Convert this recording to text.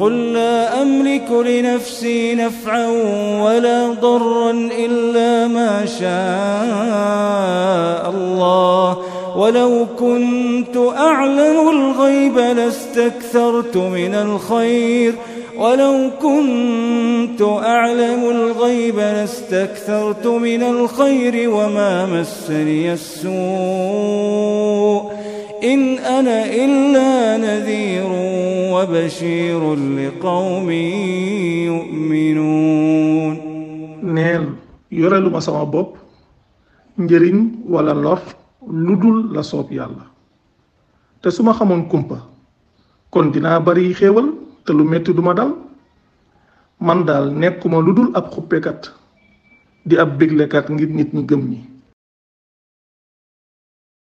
قل لا أملك لنفسي نفعا ولا ضرا إلا ما شاء الله ولو كنت أعلم الغيب لاستكثرت من الخير ولو كنت أعلم الغيب لاستكثرت من الخير وما مسني السوء إن أنا إلا نذير وبشير لقوم يؤمنون neel yoreluma sama bopp njëriñ walla lor lu dul la soob yàlla te su ma xamoon kumpa kon dinaa bari xéewal te lu metti duma dal man daal nekkuma lu dul ab xuppekat di ab béglekat ngir nit ñi gëm ñi